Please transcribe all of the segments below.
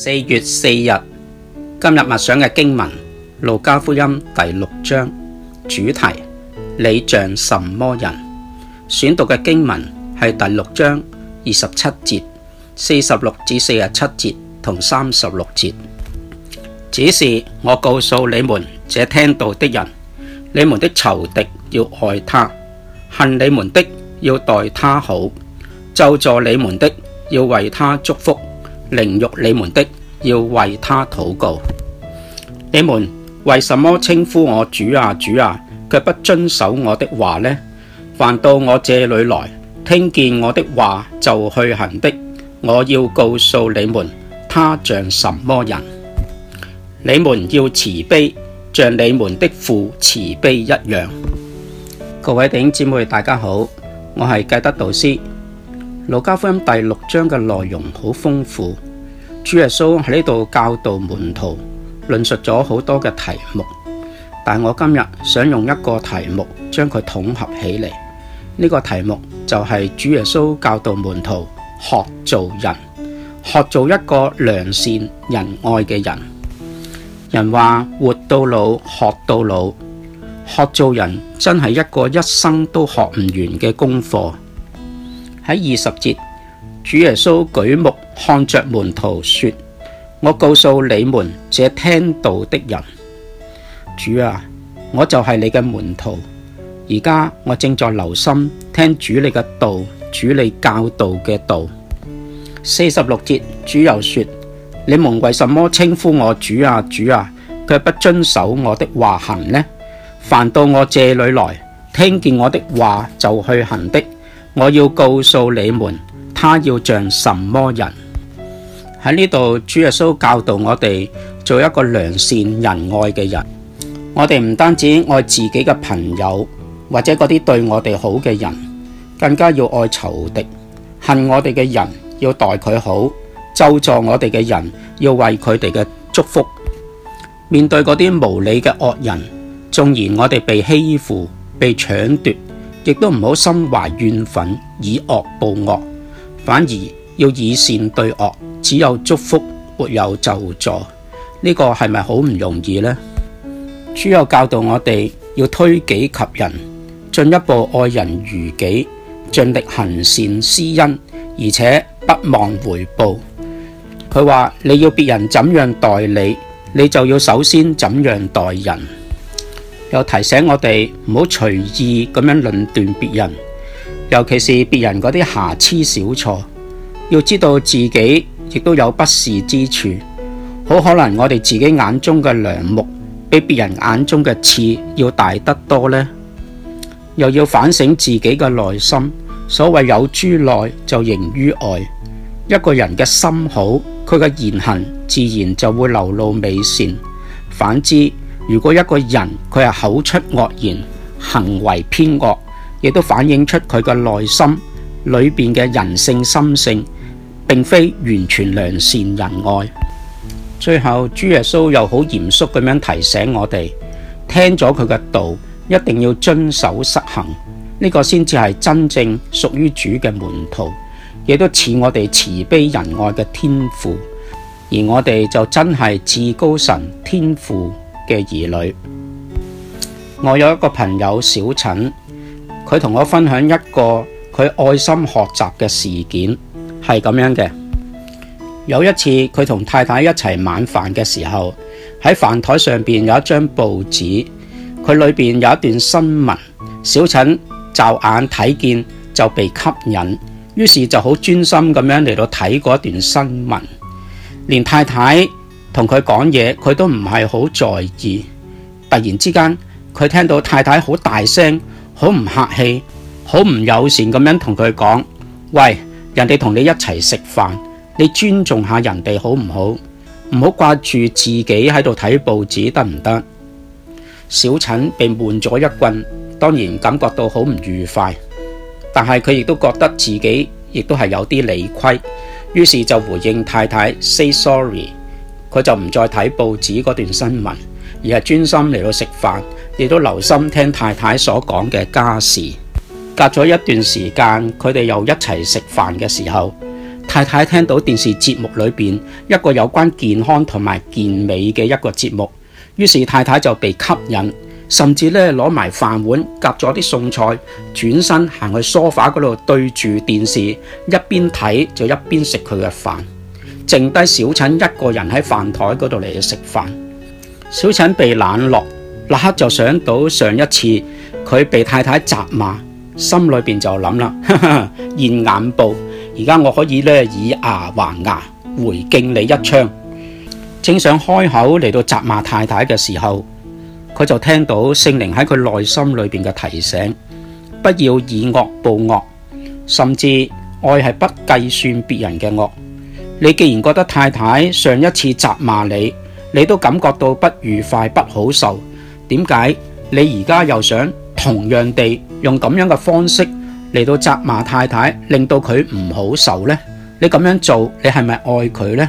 四月四日，今日默想嘅經文《路加福音》第六章，主題：你像什麼人？選讀嘅經文係第六章二十七節、四十六至四十七節同三十六節。只是我告訴你們，這聽道的人，你們的仇敵要愛他，恨你們的要待他好，咒詛你們的要為他祝福。凌辱你們的要為他禱告。你們為什麼稱呼我主啊主啊，卻不遵守我的話呢？凡到我這裏來，聽見我的話就去行的，我要告訴你們，他像什麼人。你們要慈悲，像你們的父慈悲一樣。各位弟兄姊妹，大家好，我係計德導師。《路加福音》第六章嘅內容好豐富，主耶穌喺呢度教導門徒，論述咗好多嘅題目。但我今日想用一個題目將佢統合起嚟，呢個題目就係主耶穌教導門徒學做人，學做一個良善仁愛嘅人。人話活到老學到老，學做人真係一個一生都學唔完嘅功課。喺二十節，主耶穌舉目看着門徒說：我告訴你們，這聽道的人，主啊，我就係你嘅門徒，而家我正在留心聽主你嘅道，主你教導嘅道。四十六節，主又說：你們為什麼稱呼我主啊、主啊？卻不遵守我的話行呢？凡到我這裏來，聽見我的話就去行的。我要告訴你們，他要像什麼人？喺呢度，主耶穌教導我哋做一個良善、仁愛嘅人。我哋唔單止愛自己嘅朋友，或者嗰啲對我哋好嘅人，更加要愛仇敵、恨我哋嘅人，要待佢好；咒詛我哋嘅人，要為佢哋嘅祝福。面對嗰啲無理嘅惡人，縱然我哋被欺負、被搶奪。亦都唔好心懷怨憤，以惡報惡，反而要以善對惡。只有祝福，沒有咒詛。呢個係咪好唔容易呢？主又教導我哋要推己及人，進一步愛人如己，盡力行善施恩，而且不忘回報。佢話：你要別人怎樣待你，你就要首先怎樣待人。又提醒我哋唔好隨意咁樣論斷別人，尤其是別人嗰啲瑕疵小錯，要知道自己亦都有不是之處。好可能我哋自己眼中嘅梁木，比別人眼中嘅刺要大得多呢。又要反省自己嘅內心，所謂有諸內就形於外。一個人嘅心好，佢嘅言行自然就會流露美善；反之，如果一個人佢係口出惡言，行為偏惡，亦都反映出佢個內心裏邊嘅人性心性，並非完全良善仁愛。最後，主耶穌又好嚴肅咁樣提醒我哋，聽咗佢嘅道，一定要遵守實行呢、這個先至係真正屬於主嘅門徒，亦都似我哋慈悲仁愛嘅天父。而我哋就真係至高神天父。嘅兒女，我有一個朋友小陳，佢同我分享一個佢愛心學習嘅事件，係咁樣嘅。有一次佢同太太一齊晚飯嘅時候，喺飯台上邊有一張報紙，佢裏邊有一段新聞，小陳驟眼睇見就被吸引，於是就好專心咁樣嚟到睇嗰段新聞，連太太。同佢講嘢，佢都唔係好在意。突然之間，佢聽到太太好大聲，好唔客氣，好唔友善咁樣同佢講：喂，人哋同你一齊食飯，你尊重下人哋好唔好？唔好掛住自己喺度睇報紙得唔得？小陳被悶咗一棍，當然感覺到好唔愉快，但係佢亦都覺得自己亦都係有啲理虧，於是就回應太太 say sorry。佢就唔再睇報紙嗰段新聞，而係專心嚟到食飯，亦都留心聽太太所講嘅家事。隔咗一段時間，佢哋又一齊食飯嘅時候，太太聽到電視節目裏邊一個有關健康同埋健美嘅一個節目，於是太太就被吸引，甚至咧攞埋飯碗夾咗啲餸菜，轉身行去梳化嗰度對住電視，一邊睇就一邊食佢嘅飯。剩低小陳一個人喺飯台嗰度嚟食飯，小陳被冷落，立刻就想到上一次佢被太太責罵，心裏邊就諗啦，哈哈，現眼報，而家我可以咧，以牙還牙回敬你一槍。正想開口嚟到責罵太太嘅時候，佢就聽到聖靈喺佢內心裏邊嘅提醒，不要以惡報惡，甚至愛係不計算別人嘅惡。你既然覺得太太上一次責罵你，你都感覺到不愉快、不好受，點解你而家又想同樣地用咁樣嘅方式嚟到責罵太太，令到佢唔好受呢？你咁樣做，你係咪愛佢呢？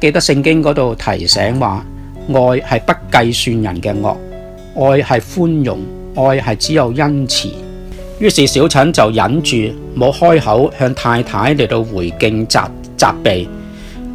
記得聖經嗰度提醒話，愛係不計算人嘅惡，愛係寬容，愛係只有恩慈。於是小陳就忍住冇開口，向太太嚟到回敬責責備。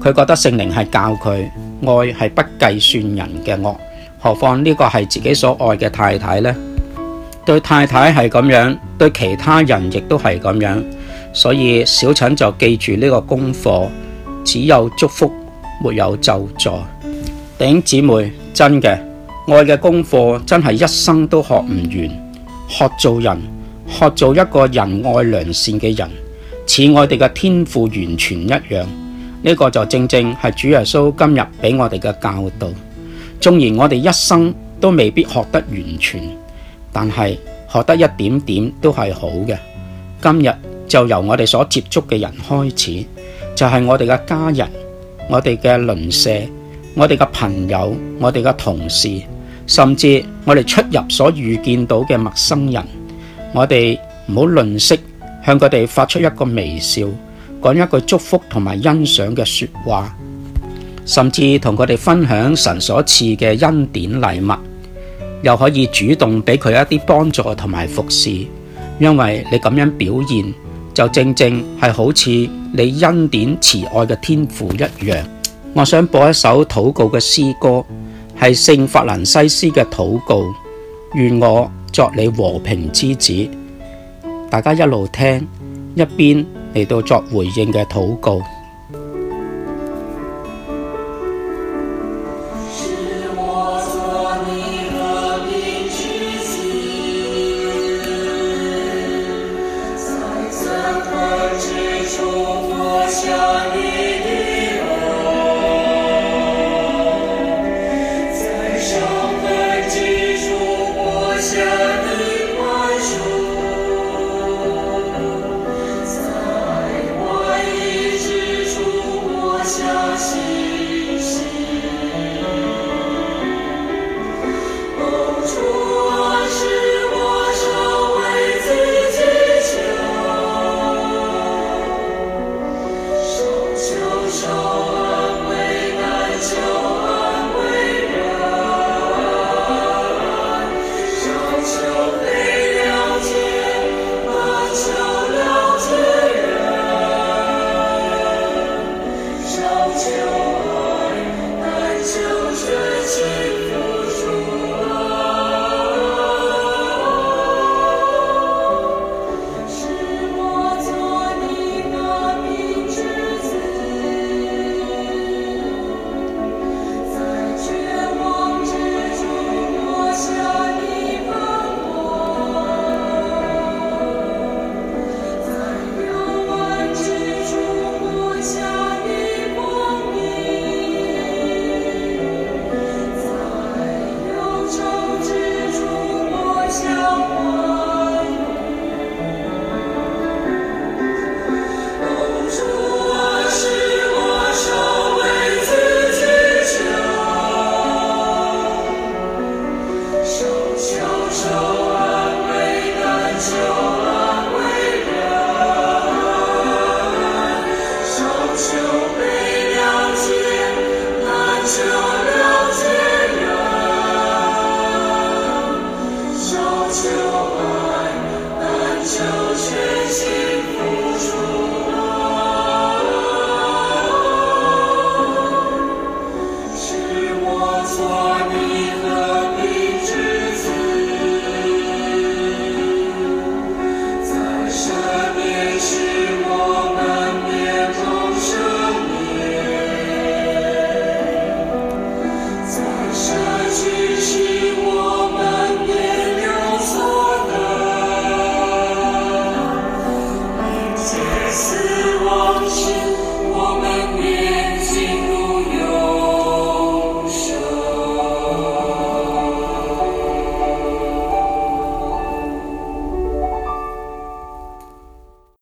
佢覺得聖靈係教佢愛係不計算人嘅惡，何況呢個係自己所愛嘅太太呢？對太太係咁樣，對其他人亦都係咁樣。所以小陳就記住呢個功課，只有祝福，沒有咒詛。弟兄姊妹，真嘅，愛嘅功課真係一生都學唔完，學做人。學做一個人愛良善嘅人，似我哋嘅天父完全一樣。呢個就正正係主耶穌今日俾我哋嘅教導。縱然我哋一生都未必學得完全，但係學得一點點都係好嘅。今日就由我哋所接觸嘅人開始，就係我哋嘅家人、我哋嘅鄰舍、我哋嘅朋友、我哋嘅同事，甚至我哋出入所遇見到嘅陌生人。我哋唔好吝嗇，向佢哋發出一個微笑，講一句祝福同埋欣賞嘅說話，甚至同佢哋分享神所賜嘅恩典禮物，又可以主動俾佢一啲幫助同埋服侍，因為你咁樣表現，就正正係好似你恩典慈愛嘅天父一樣。我想播一首禱告嘅詩歌，係聖法蘭西斯嘅禱告。願我作你和平之子，大家一路聽，一邊嚟到作回應嘅禱告。